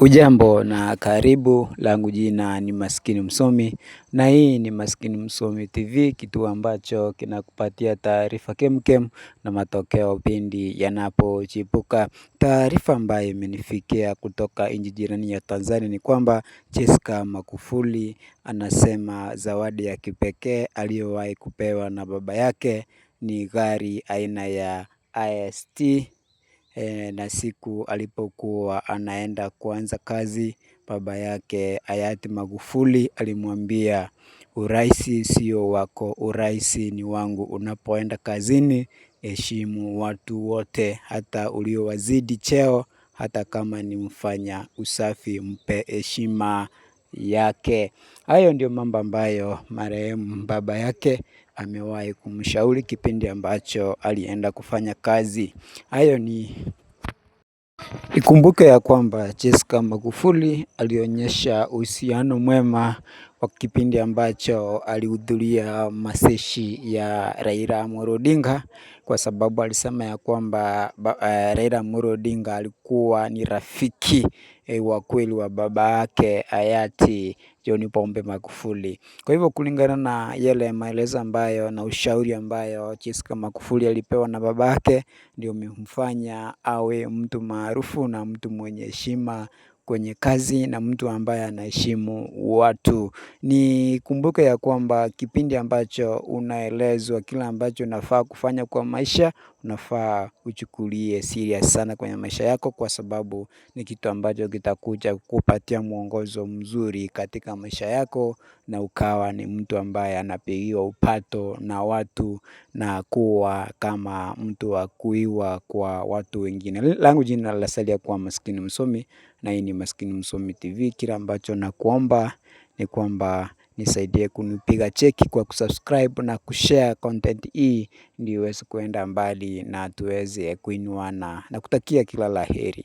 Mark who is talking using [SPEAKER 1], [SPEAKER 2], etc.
[SPEAKER 1] Ujambo na karibu langu jina ni Maskini Msomi na hii ni Maskini Msomi TV, kituo ambacho kinakupatia taarifa kemkem na matokeo pindi yanapochipuka. Taarifa ambayo imenifikia kutoka nchi jirani ya Tanzania ni kwamba Jesca Magufuli anasema zawadi ya kipekee aliyowahi kupewa na baba yake ni gari aina ya IST Eh, na siku alipokuwa anaenda kuanza kazi, baba yake hayati Magufuli alimwambia uraisi sio wako, uraisi ni wangu. Unapoenda kazini heshimu watu wote, hata uliowazidi cheo, hata kama ni mfanya usafi mpe heshima yake. Hayo ndio mambo ambayo marehemu baba yake amewahi kumshauri kipindi ambacho alienda kufanya kazi. Hayo ni ikumbuke ya kwamba Jessica Magufuli alionyesha uhusiano mwema wa kipindi ambacho alihudhuria maseshi ya Raila Amolo Odinga, kwa sababu alisema ya kwamba uh, Raila Amolo Odinga alikuwa ni rafiki eh, wa kweli wa baba yake hayati John Pombe Magufuli. Kwa hivyo kulingana na yale maelezo ambayo na ushauri ambayo Jessica Magufuli alipewa na baba yake, ndio umemfanya awe mtu maarufu na mtu mwenye heshima kwenye kazi na mtu ambaye anaheshimu watu. ni kumbuke ya kwamba kipindi ambacho unaelezwa kile ambacho unafaa kufanya kwa maisha, unafaa uchukulie serious sana kwenye maisha yako kwa sababu ni kitu ambacho kitakuja kukupatia mwongozo mzuri katika maisha yako na ukawa ni mtu ambaye anapigiwa upato na watu na kuwa kama mtu wa kuiwa kwa watu wengine. Langu jina lasalia kuwa Maskini Msomi na hii ni Maskini Msomi TV. kila ambacho nakuomba ni kwamba nisaidie kunipiga cheki kwa kusubscribe na kushare content hii ndio iweze kuenda mbali na tuweze kuinuana na kutakia kila la heri.